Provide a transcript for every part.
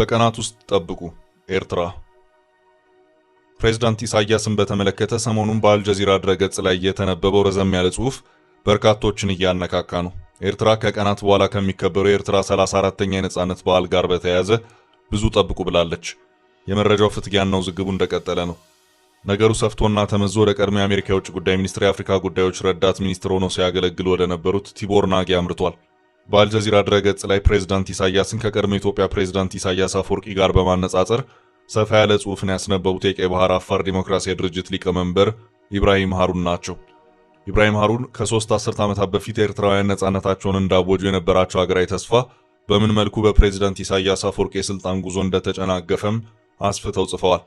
በቀናት ውስጥ ጠብቁ ኤርትራ። ፕሬዝዳንት ኢሳያስን በተመለከተ ሰሞኑን በአልጀዚራ ድረገጽ ላይ የተነበበው ረዘም ያለ ጽሑፍ በርካቶችን እያነካካ ነው። ኤርትራ ከቀናት በኋላ ከሚከበረው የኤርትራ 34ተኛ የነጻነት በዓል ጋር በተያያዘ ብዙ ጠብቁ ብላለች። የመረጃው ፍትጊያና ውዝግቡ እንደቀጠለ ነው። ነገሩ ሰፍቶና ተመዞ ወደ ቀድሞ የአሜሪካ የውጭ ጉዳይ ሚኒስትር የአፍሪካ ጉዳዮች ረዳት ሚኒስትር ሆኖ ሲያገለግል ወደ ነበሩት ቲቦር ናጊ አምርቷል። በአልጀዚራ ድረገጽ ላይ ፕሬዝዳንት ኢሳያስን ከቀድሞ ኢትዮጵያ ፕሬዝዳንት ኢሳያስ አፈወርቂ ጋር በማነጻጸር ሰፋ ያለ ጽሑፍን ያስነበቡት የቀይ ባህር አፋር ዲሞክራሲያዊ ድርጅት ሊቀመንበር ኢብራሂም ሀሩን ናቸው። ኢብራሂም ሀሩን ከሶስት አስርት ዓመታት በፊት ኤርትራውያን ነጻነታቸውን እንዳወጁ የነበራቸው ሀገራዊ ተስፋ በምን መልኩ በፕሬዝዳንት ኢሳያስ አፈወርቂ የስልጣን ጉዞ እንደተጨናገፈም አስፍተው ጽፈዋል።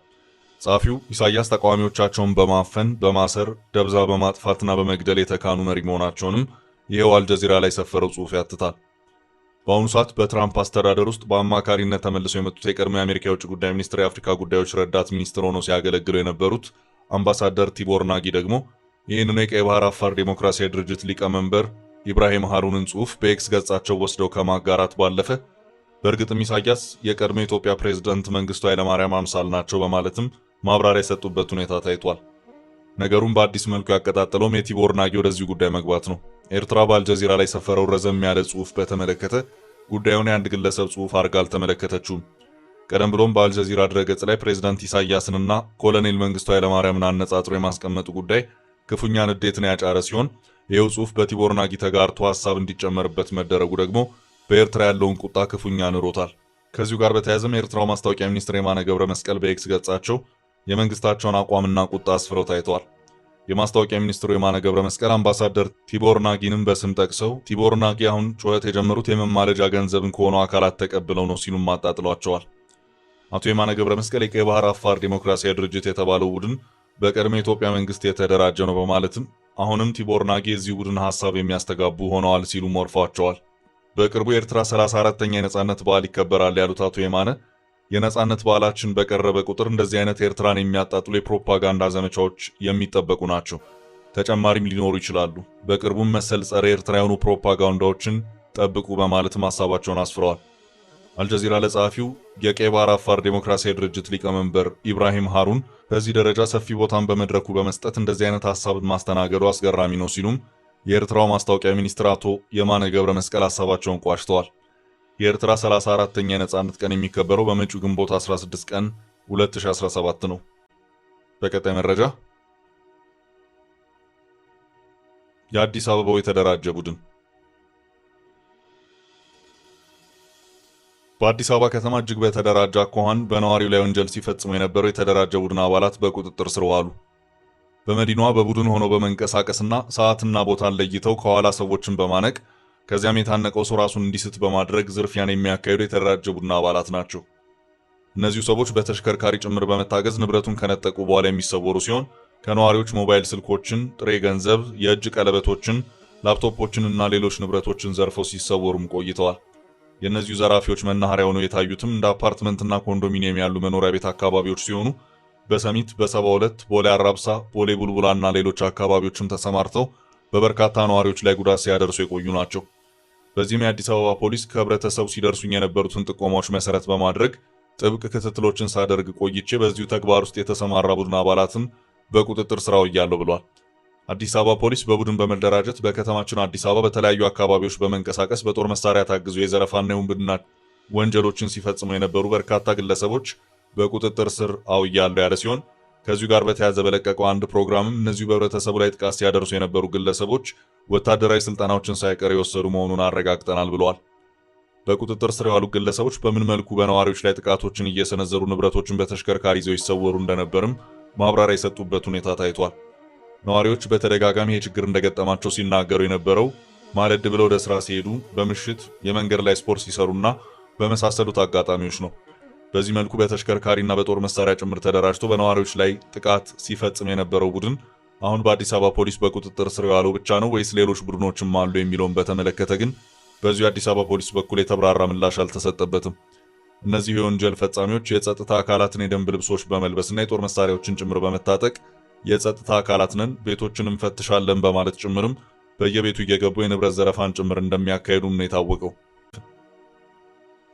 ጸሐፊው ኢሳያስ ተቃዋሚዎቻቸውን በማፈን በማሰር፣ ደብዛ በማጥፋትና በመግደል የተካኑ መሪ መሆናቸውንም ይኸው አልጀዚራ ላይ ሰፈረው ጽሑፍ ያትታል። በአሁኑ ሰዓት በትራምፕ አስተዳደር ውስጥ በአማካሪነት ተመልሰው የመጡት የቀድሞ የአሜሪካ የውጭ ጉዳይ ሚኒስትር የአፍሪካ ጉዳዮች ረዳት ሚኒስትር ሆነው ሲያገለግሉ የነበሩት አምባሳደር ቲቦር ናጊ ደግሞ ይህንኑ የቀይ ባህር አፋር ዴሞክራሲያዊ ድርጅት ሊቀመንበር ኢብራሂም ሃሩንን ጽሑፍ በኤክስ ገጻቸው ወስደው ከማጋራት ባለፈ በእርግጥም ኢሳያስ የቀድሞ የኢትዮጵያ ፕሬዝደንት መንግስቱ ኃይለማርያም አምሳል ናቸው በማለትም ማብራሪያ የሰጡበት ሁኔታ ታይቷል። ነገሩን በአዲስ መልኩ ያቀጣጠለውም የቲቦር ናጊ ወደዚህ ጉዳይ መግባት ነው። ኤርትራ በአልጀዚራ ላይ ሰፈረው ረዘም ያለ ጽሑፍ በተመለከተ ጉዳዩን የአንድ ግለሰብ ጽሑፍ አድርጋ አልተመለከተችውም። ቀደም ብሎም በአልጀዚራ ድረገጽ ላይ ፕሬዚዳንት ኢሳያስንና ኮሎኔል መንግስቱ ኃይለማርያምን አነጻጽሮ የማስቀመጡ ጉዳይ ክፉኛ ንዴትን ያጫረ ሲሆን ይኸው ጽሑፍ በቲቦር ናጊ ተጋርቶ ሀሳብ እንዲጨመርበት መደረጉ ደግሞ በኤርትራ ያለውን ቁጣ ክፉኛ ንሮታል። ከዚሁ ጋር በተያያዘም የኤርትራው ማስታወቂያ ሚኒስትር የማነ ገብረ መስቀል በኤክስ ገጻቸው የመንግስታቸውን አቋምና ቁጣ አስፍረው ታይተዋል። የማስታወቂያ ሚኒስትሩ የማነ ገብረ መስቀል አምባሳደር ቲቦር ናጊንም በስም ጠቅሰው ቲቦር ናጊ አሁን ጩኸት የጀመሩት የመማለጃ ገንዘብን ከሆኑ አካላት ተቀብለው ነው ሲሉም አጣጥሏቸዋል። አቶ የማነ ገብረ መስቀል የቀይ ባህር አፋር ዴሞክራሲያዊ ድርጅት የተባለው ቡድን በቀድሞ የኢትዮጵያ መንግስት የተደራጀ ነው በማለትም አሁንም ቲቦር ናጊ የዚህ ቡድን ሀሳብ የሚያስተጋቡ ሆነዋል ሲሉም ወርፏቸዋል። በቅርቡ የኤርትራ 34ተኛ የነጻነት በዓል ይከበራል ያሉት አቶ የማነ የነጻነት በዓላችን በቀረበ ቁጥር እንደዚህ አይነት ኤርትራን የሚያጣጥሉ የፕሮፓጋንዳ ዘመቻዎች የሚጠበቁ ናቸው። ተጨማሪም ሊኖሩ ይችላሉ። በቅርቡም መሰል ጸረ ኤርትራ የሆኑ ፕሮፓጋንዳዎችን ጠብቁ በማለትም ሀሳባቸውን አስፍረዋል። አልጀዚራ ለጸሐፊው የቀይ ባህር አፋር ዴሞክራሲያዊ ድርጅት ሊቀመንበር ኢብራሂም ሃሩን በዚህ ደረጃ ሰፊ ቦታን በመድረኩ በመስጠት እንደዚህ አይነት ሀሳብን ማስተናገዱ አስገራሚ ነው ሲሉም የኤርትራው ማስታወቂያ ሚኒስትር አቶ የማነ ገብረ መስቀል ሀሳባቸውን ቋጭተዋል። የኤርትራ 34ተኛ የነጻነት ቀን የሚከበረው በመጪው ግንቦት 16 ቀን 2017 ነው። በቀጣይ መረጃ የአዲስ አበባው የተደራጀ ቡድን በአዲስ አበባ ከተማ እጅግ በተደራጀ አኳኋን በነዋሪው ላይ ወንጀል ሲፈጽሙ የነበረው የተደራጀ ቡድን አባላት በቁጥጥር ስር ዋሉ። በመዲናዋ በቡድን ሆኖ በመንቀሳቀስና ሰዓትና ቦታን ለይተው ከኋላ ሰዎችን በማነቅ ከዚያም የታነቀው ሰው ራሱን እንዲስት በማድረግ ዝርፊያን የሚያካሂዱ የተደራጀ ቡድን አባላት ናቸው። እነዚሁ ሰዎች በተሽከርካሪ ጭምር በመታገዝ ንብረቱን ከነጠቁ በኋላ የሚሰወሩ ሲሆን ከነዋሪዎች ሞባይል ስልኮችን፣ ጥሬ ገንዘብ፣ የእጅ ቀለበቶችን፣ ላፕቶፖችን እና ሌሎች ንብረቶችን ዘርፈው ሲሰወሩም ቆይተዋል። የእነዚሁ ዘራፊዎች መናኸሪያ ሆነው የታዩትም እንደ አፓርትመንትና ኮንዶሚኒየም ያሉ መኖሪያ ቤት አካባቢዎች ሲሆኑ በሰሚት በሰባ ሁለት ቦሌ አራብሳ፣ ቦሌ ቡልቡላ እና ሌሎች አካባቢዎችም ተሰማርተው በበርካታ ነዋሪዎች ላይ ጉዳት ሲያደርሱ የቆዩ ናቸው። በዚህም የአዲስ አበባ ፖሊስ ከህብረተሰቡ ሲደርሱኝ የነበሩትን ጥቆማዎች መሰረት በማድረግ ጥብቅ ክትትሎችን ሳደርግ ቆይቼ በዚሁ ተግባር ውስጥ የተሰማራ ቡድን አባላትን በቁጥጥር ስር አውያለሁ ብሏል። አዲስ አበባ ፖሊስ በቡድን በመደራጀት በከተማችን አዲስ አበባ በተለያዩ አካባቢዎች በመንቀሳቀስ በጦር መሳሪያ ታግዞ የዘረፋና የውንብድና ወንጀሎችን ሲፈጽሙ የነበሩ በርካታ ግለሰቦች በቁጥጥር ስር አውያለሁ ያለ ሲሆን ከዚሁ ጋር በተያያዘ በለቀቀው አንድ ፕሮግራምም እነዚሁ በህብረተሰቡ ላይ ጥቃት ሲያደርሱ የነበሩ ግለሰቦች ወታደራዊ ስልጠናዎችን ሳይቀር የወሰዱ መሆኑን አረጋግጠናል ብለዋል። በቁጥጥር ስር የዋሉ ግለሰቦች በምን መልኩ በነዋሪዎች ላይ ጥቃቶችን እየሰነዘሩ ንብረቶችን በተሽከርካሪ ይዘው ይሰወሩ እንደነበርም ማብራሪያ የሰጡበት ሁኔታ ታይቷል። ነዋሪዎች በተደጋጋሚ የችግር እንደገጠማቸው ሲናገሩ የነበረው ማለድ ብለው ወደ ስራ ሲሄዱ፣ በምሽት የመንገድ ላይ ስፖርት ሲሰሩና በመሳሰሉት አጋጣሚዎች ነው። በዚህ መልኩ በተሽከርካሪና በጦር መሳሪያ ጭምር ተደራጅቶ በነዋሪዎች ላይ ጥቃት ሲፈጽም የነበረው ቡድን አሁን በአዲስ አበባ ፖሊስ በቁጥጥር ስር ያለው ብቻ ነው ወይስ ሌሎች ቡድኖችም አሉ የሚለውን በተመለከተ ግን በዚሁ የአዲስ አበባ ፖሊስ በኩል የተብራራ ምላሽ አልተሰጠበትም። እነዚህ የወንጀል ፈጻሚዎች የጸጥታ አካላትን የደንብ ልብሶች በመልበስና የጦር መሳሪያዎችን ጭምር በመታጠቅ የጸጥታ አካላት ነን፣ ቤቶችን እንፈትሻለን በማለት ጭምርም በየቤቱ እየገቡ የንብረት ዘረፋን ጭምር እንደሚያካሄዱም ነው የታወቀው።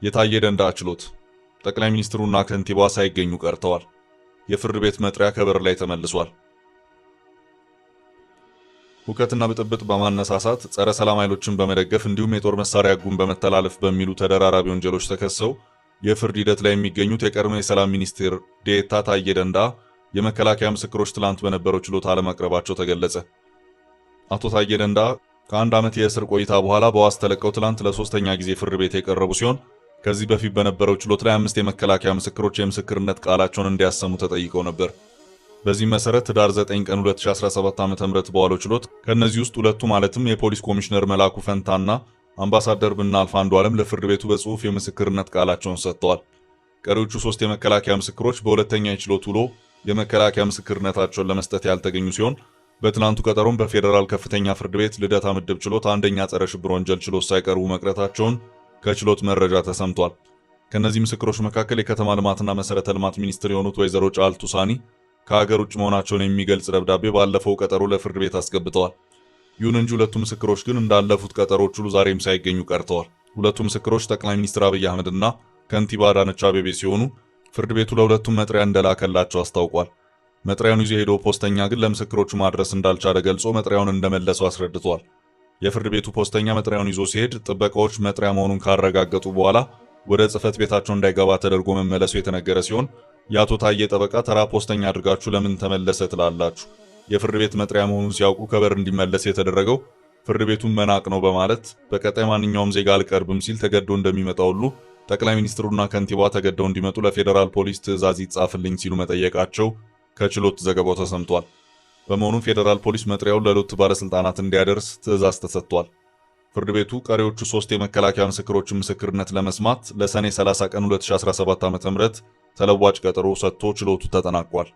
የታየ ደንዳ ችሎት ጠቅላይ ሚኒስትሩና ከንቲባ ሳይገኙ ቀርተዋል። የፍርድ ቤት መጥሪያ ከበር ላይ ተመልሷል። ሁከትና ብጥብጥ በማነሳሳት ጸረ ሰላም ኃይሎችን በመደገፍ እንዲሁም የጦር መሳሪያ ሕጉን በመተላለፍ በሚሉ ተደራራቢ ወንጀሎች ተከሰው የፍርድ ሂደት ላይ የሚገኙት የቀድሞ የሰላም ሚኒስትር ዴታ ታዬ ደንዳ የመከላከያ ምስክሮች ትላንት በነበረው ችሎት አለማቅረባቸው ተገለጸ። አቶ ታዬ ደንዳ ከአንድ ዓመት የእስር ቆይታ በኋላ በዋስ ተለቀው ትላንት ለሶስተኛ ጊዜ ፍርድ ቤት የቀረቡ ሲሆን ከዚህ በፊት በነበረው ችሎት ላይ አምስት የመከላከያ ምስክሮች የምስክርነት ቃላቸውን እንዲያሰሙ ተጠይቀው ነበር። በዚህ መሰረት ህዳር 9 ቀን 2017 ዓ.ም በዋለው ችሎት ከእነዚህ ውስጥ ሁለቱ ማለትም የፖሊስ ኮሚሽነር መላኩ ፈንታና አምባሳደር ብናልፍ ዓለም ለፍርድ ቤቱ በጽሑፍ የምስክርነት ቃላቸውን ሰጥተዋል። ቀሪዎቹ ሶስት የመከላከያ ምስክሮች በሁለተኛ የችሎት ውሎ የመከላከያ ምስክርነታቸውን ለመስጠት ያልተገኙ ሲሆን በትናንቱ ቀጠሮም በፌዴራል ከፍተኛ ፍርድ ቤት ልደታ ምድብ ችሎት አንደኛ ጸረ ሽብር ወንጀል ችሎት ሳይቀርቡ መቅረታቸውን ከችሎት መረጃ ተሰምቷል። ከእነዚህ ምስክሮች መካከል የከተማ ልማትና መሰረተ ልማት ሚኒስትር የሆኑት ወይዘሮ ጫልቱ ሳኒ ከሀገር ውጭ መሆናቸውን የሚገልጽ ደብዳቤ ባለፈው ቀጠሮ ለፍርድ ቤት አስገብተዋል። ይሁን እንጂ ሁለቱ ምስክሮች ግን እንዳለፉት ቀጠሮች ሁሉ ዛሬም ሳይገኙ ቀርተዋል። ሁለቱ ምስክሮች ጠቅላይ ሚኒስትር አብይ አህመድና ከንቲባ አዳነች አቤቤ ሲሆኑ ፍርድ ቤቱ ለሁለቱም መጥሪያ እንደላከላቸው አስታውቋል። መጥሪያውን ይዞ የሄደው ፖስተኛ ግን ለምስክሮቹ ማድረስ እንዳልቻለ ገልጾ መጥሪያውን እንደመለሰው አስረድቷል። የፍርድ ቤቱ ፖስተኛ መጥሪያውን ይዞ ሲሄድ ጥበቃዎች መጥሪያ መሆኑን ካረጋገጡ በኋላ ወደ ጽህፈት ቤታቸው እንዳይገባ ተደርጎ መመለሱ የተነገረ ሲሆን የአቶ ታዬ ጠበቃ ተራ ፖስተኛ አድርጋችሁ ለምን ተመለሰ ትላላችሁ? የፍርድ ቤት መጥሪያ መሆኑን ሲያውቁ ከበር እንዲመለስ የተደረገው ፍርድ ቤቱን መናቅ ነው በማለት በቀጣይ ማንኛውም ዜጋ አልቀርብም ሲል ተገዶ እንደሚመጣ ሁሉ ጠቅላይ ሚኒስትሩና ከንቲባ ተገደው እንዲመጡ ለፌዴራል ፖሊስ ትዕዛዝ ይጻፍልኝ ሲሉ መጠየቃቸው ከችሎት ዘገባው ተሰምቷል። በመሆኑም ፌዴራል ፖሊስ መጥሪያውን ለሎት ባለስልጣናት እንዲያደርስ ትዕዛዝ ተሰጥቷል። ፍርድ ቤቱ ቀሪዎቹ ሶስት የመከላከያ ምስክሮችን ምስክርነት ለመስማት ለሰኔ 30 ቀን 2017 ዓ.ም ተለዋጭ ቀጠሮ ሰጥቶ ችሎቱ ተጠናቋል።